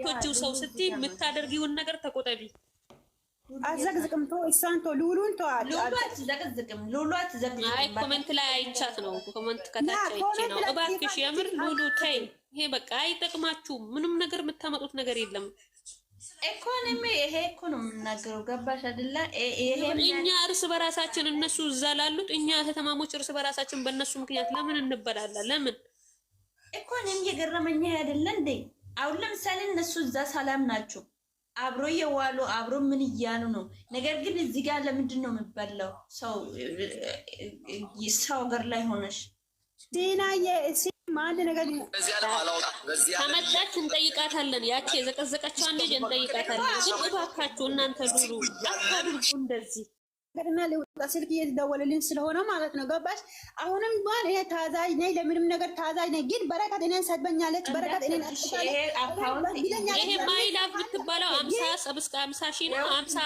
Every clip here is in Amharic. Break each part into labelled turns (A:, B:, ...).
A: የምትወጂው ሰው ስትይ የምታደርጊውን ነገር ተቆጠቢ።
B: አትዘቅዝቅም። ቶ እሷን ቶ ሉሉን ቶ
C: አትዘቅዝቅም። ሉሉ አትዘቅዝቅም።
A: አይ ኮመንት ላይ አይቻት ነው። ኮመንት ከታች አይቼ ነው። እባክሽ የምር ሉሉ ተይ፣ ይሄ በቃ አይጠቅማችሁም። ምንም ነገር የምታመጡት ነገር የለም።
C: ኢኮኖሚ ይሄ እኮ ነው የምናገረው። ገባሽ አይደለ?
A: እኛ እርስ በራሳችን እነሱ እዛ ላሉት እኛ ተተማሞች እርስ በራሳችን በእነሱ ምክንያት ለምን እንበላለን? ለምን
C: ኢኮኖሚ የገረመኛ አይደለ እንዴ? አሁን ለምሳሌ እነሱ እዛ ሰላም ናቸው፣ አብሮ እየዋሉ አብሮ ምን እያሉ ነው። ነገር ግን እዚህ ጋር ለምንድን ነው የምበላው? ሰው ሰው ሀገር ላይ ሆነሽ
B: አንድ ነገር
A: ከመጣች እንጠይቃታለን። ያቺ የዘቀዘቀችዋን ልጅ እንጠይቃታለን። ግን እባካችሁ እናንተ ዱሩ አታድርጉ እንደዚህ
B: ስልክ እየተደወለልኝ ስለሆነ ማለት ነው። ገባሽ? አሁንም ቢሆን ይሄ ታዛዥ ነኝ፣ ለምንም ነገር ታዛዥ ነኝ። ግን በረከት እኔን ሰድበኛለች፣ በረከት እኔን
A: ይሄ ማይላቭ የምትባለው አምሳ ሺ ነው። አምሳ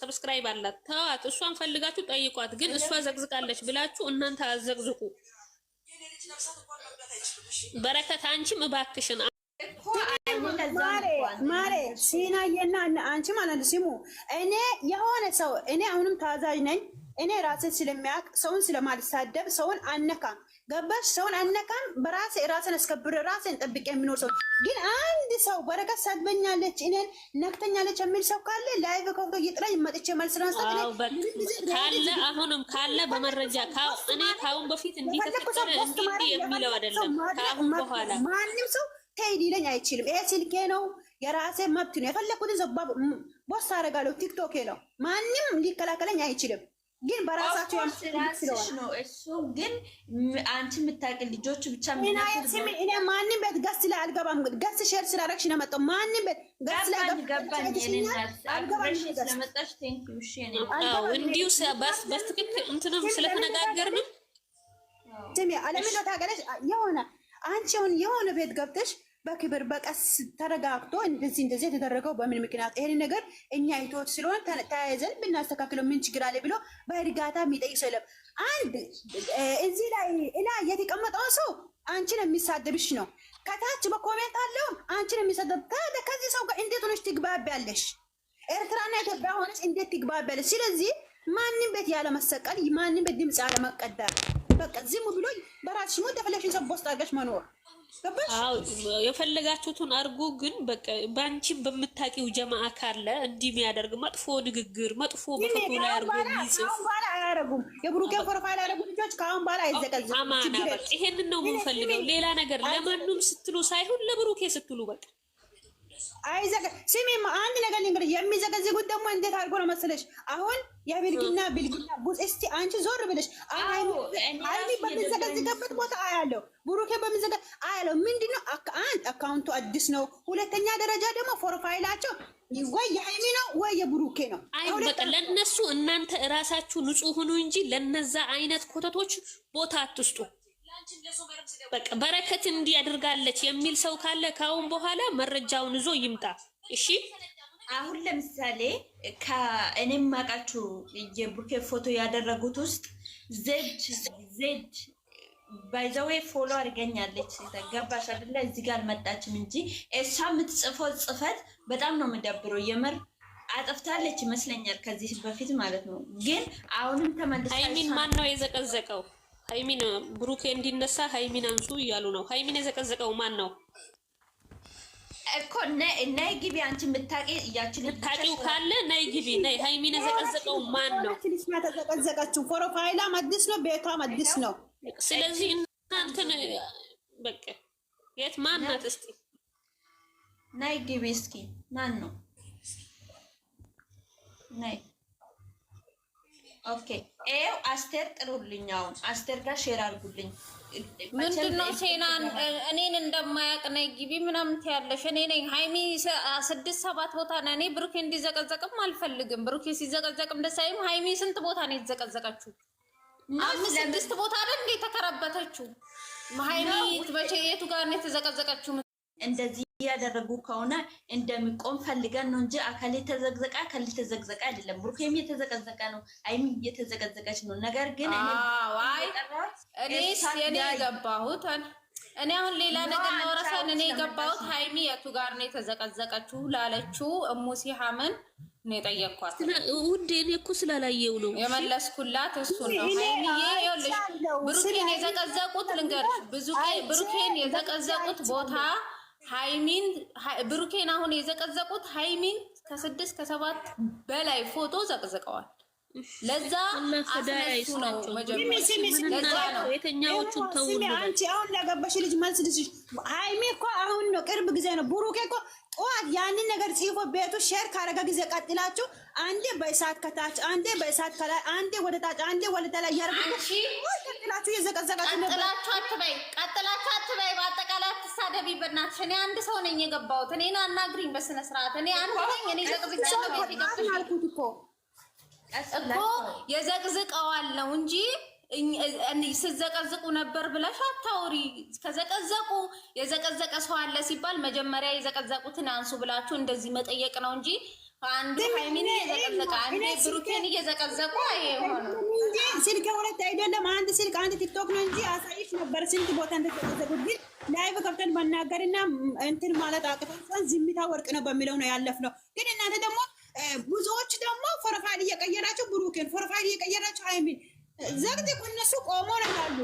A: ሰብስክራይብ አላት። ተዋት፣ እሷን ፈልጋችሁ ጠይቋት። ግን እሷ ዘቅዝቃለች ብላችሁ እናንተ አዘቅዝቁ። በረከት አንቺም እባክሽን
B: ማሬ ሲናዬና አንቺ ማለት ነው። ስሙ እኔ የሆነ ሰው እኔ አሁንም ታዛዥ ነኝ። እኔ ራሴን ስለሚያውቅ ሰውን ስለማልሳደብ ሰውን አነካም፣ ገባሽ? ሰውን አነካም። በራሴ ራሴን አስከብር፣ ራሴን ጠብቄ የሚኖር ሰው ግን አንድ ሰው በረከት ሰድበኛለች፣ እኔን ነክተኛለች የሚል ሰው ካለ ላይቭ ከብቶ እየጥላኝ መጥቼ መልስ
A: ካለ አሁንም ካለ በመረጃ እኔ ከአሁን በፊት እንዲህ ተፈጠረ እንዲህ የሚለው አይደለም ከአሁን በኋላ
B: ማንም ሰው ተይ ሊለኝ አይችልም። ይሄ ስልኬ ነው፣ የራሴ መብት ነው። የፈለኩትን ዘባ ቦስ አደርጋለሁ። ቲክቶኬ ነው፣ ማንም ሊከላከለኝ አይችልም። ግን በራሳቸው
C: ራስሽ ነው እሱ። ግን አንቺ የምታውቂ ልጆቹ ብቻ እኔ
B: ማንም ቤት ገስ ላይ አልገባም። ገስ ሼር ስላደረግሽ ነው ማንም ቤት ገስ ላይ በክብር በቀስ ተረጋግቶ እንደዚህ እንደዚህ የተደረገው በምን ምክንያት ይሄን ነገር እኛ አይቶት ስለሆነ ተያይዘን ብናስተካክለው ምን ችግር አለ ብሎ በእርጋታ የሚጠይቅ ሰው የለም። አንድ እዚህ ላይ እና የተቀመጠውን ሰው አንቺን የሚሳደብሽ ነው። ከታች በኮሜንት አለውም አንቺን የሚሳደብ ከዚህ ሰው ጋር እንዴት ሆነች ትግባቢያለሽ? ኤርትራና ኢትዮጵያ ሆነች እንዴት ትግባቢያለሽ? ስለዚህ ማንም ቤት ያለመሰቀል፣ ማንም ቤት ድምፅ ያለመቀደር በቃ ዝም ብሎኝ በራስሽ ሞት የፈለግሽን ሰው ቦስጥ አድርገሽ መኖር
A: የፈለጋችሁትን አድርጉ። ግን በቃ በምታውቂው ጀማአ ካለ እንዲህ የሚያደርግ መጥፎ ንግግር መጥፎ በፎቶ ላይ
B: አድርጎ የብሩኬ ፕሮፋይል ልጆች ከአሁን በኋላ
A: ይሄንን ነው የምንፈልገው። ሌላ ነገር ለማንም ስትሉ ሳይሆን ለብሩኬ ስትሉ በቃ
B: አይዘገ ስሜማ አንድ ነገር ልንገርሽ፣ የሚዘገዝጉት ደግሞ እንዴት አድርጎ ነው መሰለሽ? አሁን የብልግና ብልግና ቡ እስቲ አንቺ ዞር ብለሽ አይ በምንዘገዝገበት ቦታ አያለው፣ ብሩኬ በምንዘገ አያለው። ምንድነው አንድ አካውንቱ አዲስ ነው። ሁለተኛ ደረጃ ደግሞ ፕሮፋይላቸው ወይ የሀይሚ ነው ወይ የብሩኬ ነው።
A: አይ በቃ ለእነሱ እናንተ እራሳችሁ ንጹህ ሁኑ እንጂ ለነዛ አይነት ኮተቶች ቦታ አትስጡ። በቃ በረከት እንዲያደርጋለች የሚል ሰው ካለ ከአሁን በኋላ መረጃውን ይዞ ይምጣ። እሺ
C: አሁን ለምሳሌ ከእኔም ማቃችሁ የቡኬ ፎቶ ያደረጉት ውስጥ ዜድ ዜድ ባይዘዌ ፎሎ አድርገኛለች። ገባሽ አይደለ? እዚህ ጋር አልመጣችም እንጂ እሷ የምትጽፈው ጽፈት በጣም ነው የምደብረው። የምር አጥፍታለች ይመስለኛል ከዚህ በፊት ማለት ነው። ግን አሁንም ተመልሳ
A: አይሚን ማን ነው የዘቀዘቀው? ሀይሚን ብሩኬ እንዲነሳ ሀይሚን አንሱ እያሉ ነው። ሀይሚን የዘቀዘቀው ማን ነው
C: እኮ? ነይ ግቢ አንቺ የምታውቂ እያችን
A: ታቂው ካለ ነይ ግቢ ነይ። ሀይሚን የዘቀዘቀው ማን ነው?
B: ተዘቀዘቀችው። ፕሮፋይሏ አዲስ ነው፣ ቤቷም አዲስ ነው።
A: ስለዚህ እናንተን በቃ የት ማን ናት? እስኪ
C: ነይ ግቢ እስኪ ማን ነው? ነይ ኦኬ ይኸው አስቴር ጥሩልኝ። አሁን አስቴር ጋር ሼር አድርጉልኝ።
A: ምንድን ነው ሴናን እኔን እንደማያቅ ነይ ግቢ ምናምን ትያለሽ። እኔ ነኝ ሀይሚ ስድስት ሰባት ቦታ ነ እኔ ብሩኬ እንዲዘቀዘቅም አልፈልግም። ብሩኬ ሲዘቀዘቅም ደስ አይልም። ሀይሚ ስንት ቦታ ነው የተዘቀዘቀችው? አምስት ስድስት ቦታ ለ እንዴ ተከረበተችው ሀይሚ የቱ ጋር ነው የተዘቀዘቀችው?
C: እንደዚህ እያደረጉ ከሆነ እንደሚቆም ፈልገን ነው እንጂ አካል የተዘግዘቀ አካል የተዘግዘቀ አይደለም። ብሩኬም የተዘቀዘቀ ነው፣ አይም እየተዘቀዘቀች ነው። ነገር ግን
A: እኔ የገባሁት እኔ አሁን ሌላ ነገር ለወረሰን እኔ የገባሁት ሀይሚ የቱ ጋር ነው የተዘቀዘቀችው ላለችው እሙ ሲሐምን ነው የጠየቅኳት።
C: ውዴ እኔ እኮ ስላላየው ነው
A: የመለስኩላት። እሱ ነው ብሩኬን የዘቀዘቁት ልንገርሽ፣ ብዙ ብሩኬን የዘቀዘቁት ቦታ ሃይሚን ብሩኬን አሁን የዘቀዘቁት ሃይሚን ከስድስት ከሰባት በላይ ፎቶ ዘቅዝቀዋል። ለዛ
C: አስነሱ ነው መጀመሪያ።
B: አንቺ አሁን ለገባሽ ልጅ መልስ ልስሽ። ሃይሚ እኮ አሁን ነው ቅርብ ጊዜ ነው። ብሩኬ እኮ ጠዋት ያንን ነገር ጽፎ ቤቱ ሼር ካረገ ጊዜ ቀጥላችሁ አንዴ በእሳት ከታች፣ አንዴ በእሳት ከላይ፣ አንዴ ወደ ታች፣ አንዴ ወደ ተላይ ያርጉ። ቀጥላችሁ የዘቀዘቃችሁ
C: ቀጥላችሁ አትበይ፣ ቀጥላችሁ አትበይ አታገቢ በእናትሽ። እኔ አንድ ሰው ነኝ የገባሁት። እኔን አናግሪኝ በስነ ስርዓት። እኔ አንድ ነኝ። እኔ ዘቅዝቃለሁ
B: ቤት እኮ
C: እኮ የዘቅዝቀዋለሁ እንጂ ስዘቀዝቁ ነበር ብለሽ አታውሪ። ከዘቀዘቁ የዘቀዘቀ ሰው አለ ሲባል መጀመሪያ የዘቀዘቁትን አንሱ ብላችሁ እንደዚህ መጠየቅ ነው እንጂ አንዱ ሀይሚን እየዘቀዘቀ አንዱ ብሩኬን እየዘቀዘቁ አይሆንም።
B: ስልክ ሁለት አይደለም አንድ ስልክ አንድ ቲክቶክ ነው እንጂ አሳይሽ ነበር ስንት ቦታ እንደተዘቀዘቁ ግን ላይቭ ከብተን መናገርና እንትን ማለት አቅተን ዝምታ ወርቅ ነው በሚለው ነው ያለፍ ነው። ግን እናንተ ደግሞ ብዙዎች ደግሞ ፕሮፋይል እየቀየራችሁ ብሩኬን ፕሮፋይል እየቀየራችሁ ሀይሚን ዘግዝቁ። እነሱ ቆሞ ነው ያሉ።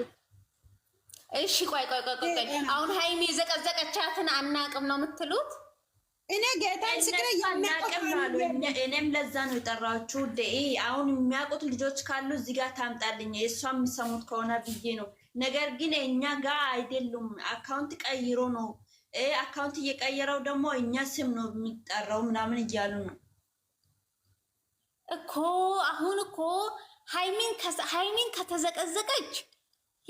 A: እሺ ቆይ ቆይ ቆይ ቆይ፣ አሁን ሀይሚ ዘቀዘቀቻትን አናቅም ነው የምትሉት?
B: እኔ ጌታን ስቅረ
C: አናቅም እኔም ለዛ ነው የጠራችሁ። አሁን የሚያውቁት ልጆች ካሉ እዚህ ጋር ታምጣልኝ፣ እሷ የሚሰሙት ከሆነ ብዬ ነው ነገር ግን እኛ ጋ አይደሉም። አካውንት ቀይሮ ነው አካውንት እየቀየረው ደግሞ እኛ ስም ነው የሚጠራው ምናምን እያሉ ነው እኮ አሁን እኮ ሃይሚን ከተዘቀዘቀች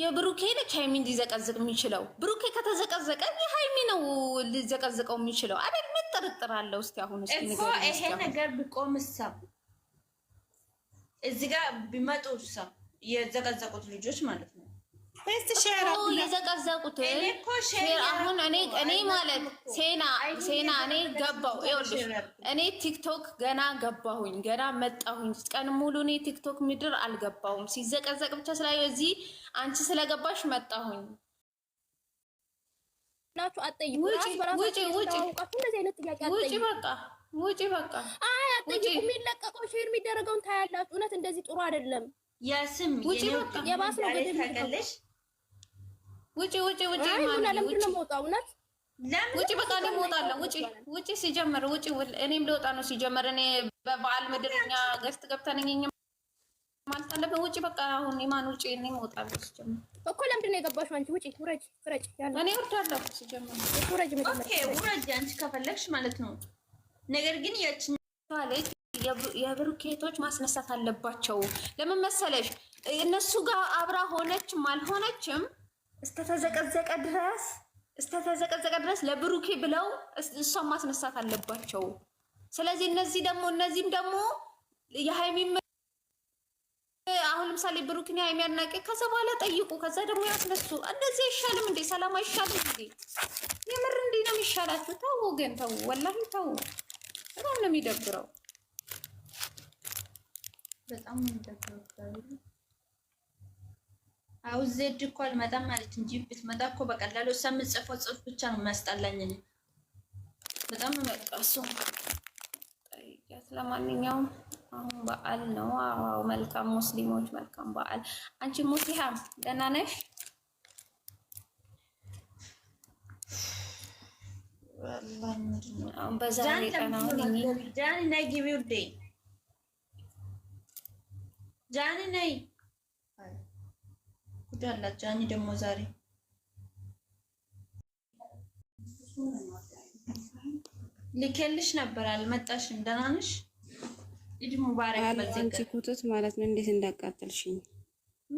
C: የብሩኬ ነች ሃይሚን ሊዘቀዝቅ የሚችለው ብሩኬ ከተዘቀዘቀ የሃይሚ ነው ሊዘቀዝቀው የሚችለው አደል? ምን ጥርጥር አለው? እስቲ አሁን እኮ ይሄ ነገር ብቆም እሳ እዚህ ጋር ቢመጡ እሳ የዘቀዘቁት ልጆች ማለት ነው
B: የዘቀዘቁት
A: አሁን እኔ ማለት ሴና ሴና እኔ ገባሁ። ይኸውልሽ እኔ ቲክቶክ ገና ገባሁኝ ገና መጣሁኝ። ቀን ሙሉ እኔ ቲክቶክ ምድር አልገባሁም። ሲዘቀዘቅ ብቻ ስላየሁ እዚህ አንቺ ስለገባሽ መጣሁኝ። ውጪ በቃ ውጪ በቃ አያጠይቁም። የሚለቀቀው ሼር የሚደረገውን ታያላችሁ። እውነት እንደዚህ ጥሩ አይደለም። የስም ውጪ በቃ
C: የባስ ነው ገደል
A: ውጪ ውጪ ውጪ ውጪ በቃ እንወጣለን። ውጪ ውጪ ሲጀመር ውጪ እኔም ልወጣ ነው ሲጀመር። እኔ በበዓል ምድርኛ እኛ ገስት ገብተን እኛ ማለት ውጪ በቃ አሁን ኢማን ውጪ፣ እኔም እወጣለሁ ሲጀመር። እኮ ለምንድን ነው የገባሽው አንቺ? ውጪ ውረጅ፣ ውረጅ ያለ እኔ እወርዳለሁ ሲጀመር።
C: ውረጅ ኦኬ፣ ውረጅ አንቺ ከፈለግሽ ማለት ነው። ነገር ግን ያቺ
A: የብሩኬቶች ማስነሳት አለባቸው። ለምን መሰለሽ እነሱ ጋር አብራ ሆነችም አልሆነችም
C: እስከተዘቀዘቀ ድረስ
A: እስከተዘቀዘቀ ድረስ ለብሩኬ ብለው እሷን ማስነሳት አለባቸው። ስለዚህ እነዚህ ደግሞ እነዚህም ደግሞ የሀይሚም አሁን ለምሳሌ ብሩክን የሀይሚ አድናቂ ከዛ በኋላ ጠይቁ፣ ከዛ ደግሞ ያስነሱ። እንደዚህ አይሻልም እንዴ? ሰላም አይሻልም እንዴ? የምር እንዲ ነው የሚሻላችሁ። ተው ግን ተው፣ ወላሂ ተው። በጣም ነው የሚደብረው። በጣም ነው የሚደብረው። አው ዜድ እኮ አልመጣም ማለት እንጂ ብትመጣ እኮ በቀላሉ እሷ የምትጽፈው ጽሑፍ ብቻ ነው የሚያስጠላኝ። በጣም ነው መጣሱ። ለማንኛውም አሁን በዓል ነው። አዎ መልካም ሙስሊሞች፣ መልካም በዓል። አንቺ ሙስሊሃ ደህና ነሽ?
C: በዛሬ ቀን አሁን ጃኒ ነይ ግቢ ውዴ፣ ጃኒ ነይ ያላት ጃኒ ደግሞ ዛሬ ልኬልሽ ነበር አልመጣሽም። ደህና ነሽ? ኢድ ሙባረክ።
A: አንቺ ኩቱት ማለት ነው። እንዴት እንዳቃጠልሽኝ!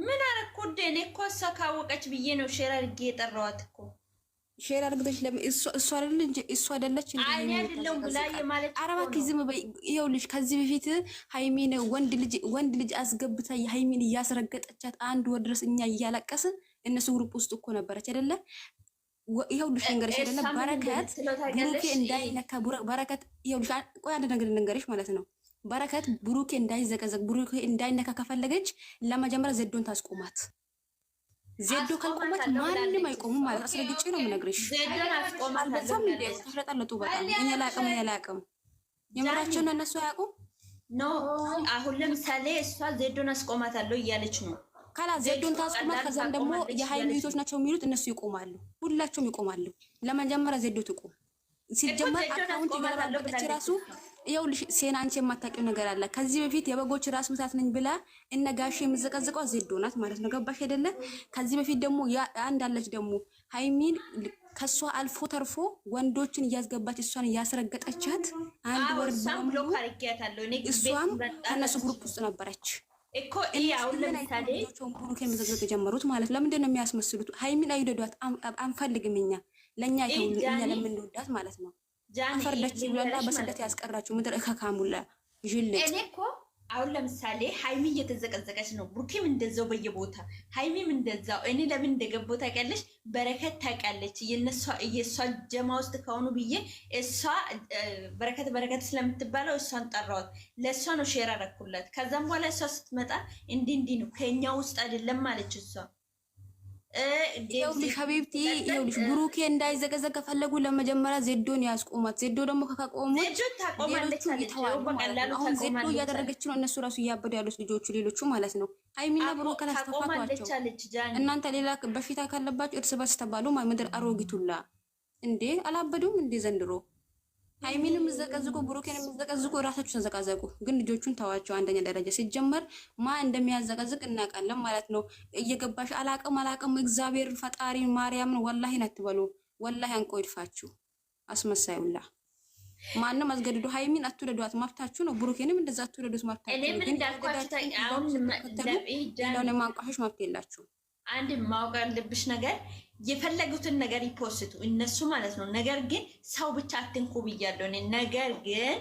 C: ምን አደረኩ? እኔ እኮ እሷ ካወቀች ብዬ ነው ሼር አድርጌ የጠራኋት።
A: ሼር አድርግተች እሱ አይደል እ እሱ አይደለች አረባክ ዝም በይ። ልጅ ከዚህ በፊት ሀይሚን ወንድ ልጅ ወንድ ልጅ አስገብታ የሀይሚን እያስረገጠቻት አንድ ወር ድረስ እኛ እያለቀስ እነሱ ግሩፕ ውስጥ እኮ ነበረች አደለ። ይኸው ይኸውልሽ ልንገርሽ አደለ። በረከት ብሩኬ እንዳይነካ በረከት ይኸውልሽ፣ ቆይ አንድ ነገር ልንገርሽ ማለት ነው። በረከት ብሩኬ እንዳይዘቀዘቅ ብሩኬ እንዳይነካ ከፈለገች ለመጀመሪያ ዘዶን ታስቆማት ዜዶ ካልቆማት ማንም አይቆሙም ማለት አስረግጬ ነው የምነግርሽ። አልበዛም እንደ ተፍለጠለጡ በጣም እኛ ላቅም እኛ ላቅም የምራቸውን እነሱ አያውቁም።
C: ኖ አሁን ለምሳሌ እሷ ዜዶን አስቆማታለሁ እያለች ነው።
A: ካላ ዜዶን ታስቆማት፣ ከዛም ደግሞ የሀይሉ ይቶች ናቸው የሚሉት እነሱ ይቆማሉ፣ ሁላቸውም ይቆማሉ። ለመጀመሪያ ዜዶ ትቁም ሲጀመር አካውንት የገለባበጠች ራሱ ይኸውልሽ ሴና አንቺ የማታውቂው ነገር አለ። ከዚህ በፊት የበጎች ራስ ምታት ነኝ ብላ እነ ጋሽ የምዘቀዝቀው ዜዶ ናት ማለት ነው። ገባሽ አይደለ? ከዚህ በፊት ደግሞ አንድ አለች ደግሞ ሀይሚን ከእሷ አልፎ ተርፎ ወንዶችን እያስገባች እሷን እያስረገጠቻት አንድ ወር እሷም ከነሱ ግሩፕ ውስጥ ነበረች
C: እኮ አሁን ለምሳሌ
A: ብሩክ የመዘግዘቅ የጀመሩት ማለት ለምንድን ነው የሚያስመስሉት? ሀይሚን አይደዷት፣ አንፈልግም እኛ ለእኛ ለምንወዳት ማለት ነው አፈርዳችሁ ብላላ በስደት ያስቀራችሁ ምድር እከካሙላ ጅልጥ እኔ
C: እኮ አሁን ለምሳሌ ሀይሚ እየተዘቀዘቀች ነው፣ ብሩኬም እንደዛው በየቦታ ሀይሚም እንደዛው። እኔ ለምን እንደገባሁ ታውቂያለሽ? በረከት ታውቂያለች፣ የእሷ ጀማ ውስጥ ከሆኑ ብዬ እሷ በረከት በረከት ስለምትባለው እሷን ጠራዋት። ለእሷ ነው ሼር አደረኩላት። ከዛም በኋላ እሷ ስትመጣ እንዲህ እንዲህ ነው ከእኛ ውስጥ አይደለም ማለች እሷ
A: ይኸውልሽ ሀቢብቲ ይኸውልሽ ብሩኬ እንዳይዘገዘግ ከፈለጉ ለመጀመሪያ ዜዶን ያስቆማት። ዜዶ ደግሞ ከቆሙ ሌሎቹ ይተዋሉ ነው። አሁን ዜዶ እያደረገች ነው። እነሱ ራሱ እያበዱ ያሉት ልጆቹ ሌሎቹ ማለት ነው። ሀይሚና ብሩክ
C: ካላስተፋቷቸው
A: እናንተ ሌላ በሽታ ካለባቸው እርስ በርስ ተባሉ። ምድር አሮጊቱላ እንዴ አላበዱም እንዴ ዘንድሮ ሃይሚን የምዘቀዝቁ ብሩኬን የምዘቀዝቁ እራሳችሁ ተዘቃዘቁ። ግን ልጆቹን ተዋቸው። አንደኛ ደረጃ ሲጀመር ማን እንደሚያዘቀዝቅ እናውቃለን ማለት ነው። እየገባሽ አላቅም አላቅም እግዚአብሔር ፈጣሪ ማርያምን ወላሂን አትበሉ። ወላሂ አንቆ ይድፋችሁ። አስመሳዩላ ማንም አስገድዶ ሃይሚን አትውደዷት፣ መብታችሁ ነው። ብሩኬንም እንደዛ አትውደዱት፣ መብታችሁ ነው። ግን ለማንቋሾች መብት የላችሁ።
C: አንድ ማወቅ ያለብሽ ነገር የፈለጉትን ነገር ይፖስቱ እነሱ ማለት ነው። ነገር ግን ሰው ብቻ አትንኩ ብያለሁ። ነገር ግን